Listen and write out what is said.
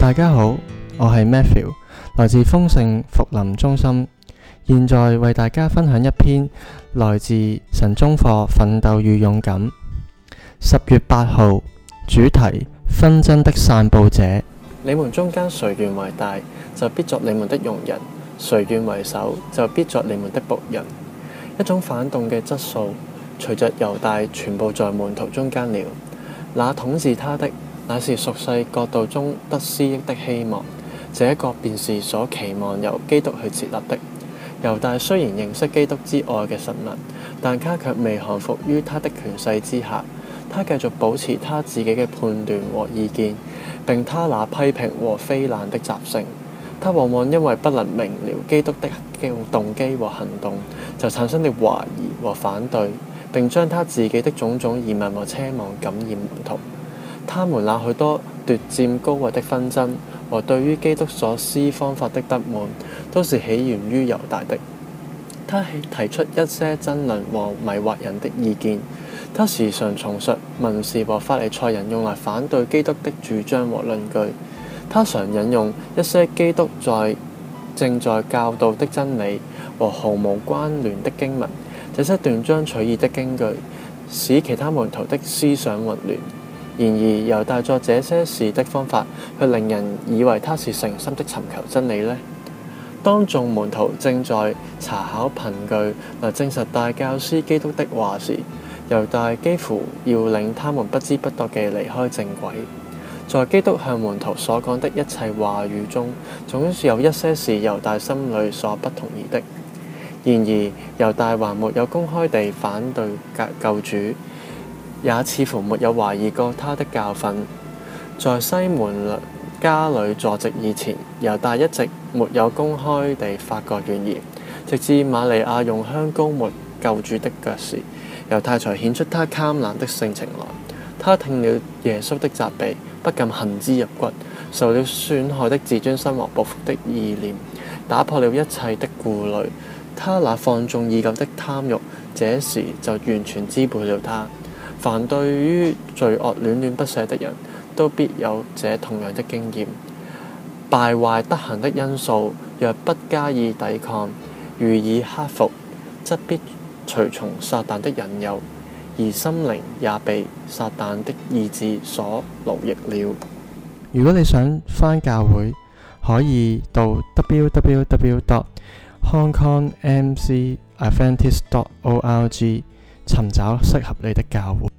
大家好，我係 Matthew，來自豐盛福林中心，現在為大家分享一篇來自神中課《奮鬥與勇敢》。十月八號，主題紛爭的散布者。你們中間誰願為大，就必作你們的用人；誰願為首，就必作你們的僕人。一種反動嘅質素，隨着猶大，全部在門徒中間了。那統治他的。那是俗世角度中得失益的希望，這一個便是所期望由基督去設立的。猶大雖然認識基督之外嘅神能，但他卻未降服於他的權勢之下。他繼續保持他自己嘅判斷和意見，並他那批評和非難的習性。他往往因為不能明瞭基督的動機和行動，就產生了懷疑和反對，並將他自己的種種疑問和奢望感染門徒。他們那許多奪佔高位的紛爭和對於基督所施方法的不滿，都是起源於猶大的。他提出一些爭論和迷惑人的意見。他時常重述文士和法利賽人用來反對基督的主張和論據。他常引用一些基督在正在教導的真理和毫無關聯的經文。這些斷章取義的經據，使其他門徒的思想混亂。然而，猶大作這些事的方法，卻令人以為他是誠心的尋求真理呢？當眾門徒正在查考憑據來證實大教師基督的話時，猶大幾乎要領他們不知不覺地離開正軌。在基督向門徒所講的一切話語中，總是有一些是猶大心裏所不同意的。然而，猶大還沒有公開地反對救主。也似乎沒有懷疑過他的教訓。在西門家裏坐席以前，猶大一直沒有公開地發過怨言，直至瑪利亞用香膏抹救主的腳時，猶太才顯出他貪婪的性情來。他聽了耶穌的責備，不禁恨之入骨，受了損害的自尊心和報復的意念打破了一切的顧慮。他那放縱已久的貪慾，這時就完全支配了他。凡對於罪惡戀戀不捨的人都必有這同樣的經驗。敗壞德行的因素，若不加以抵抗，予以克服，則必隨從撒旦的引誘，而心靈也被撒旦的意志所奴役了。如果你想返教會，可以到 www.hongkongmc.adventist.org。尋找適合你的教會。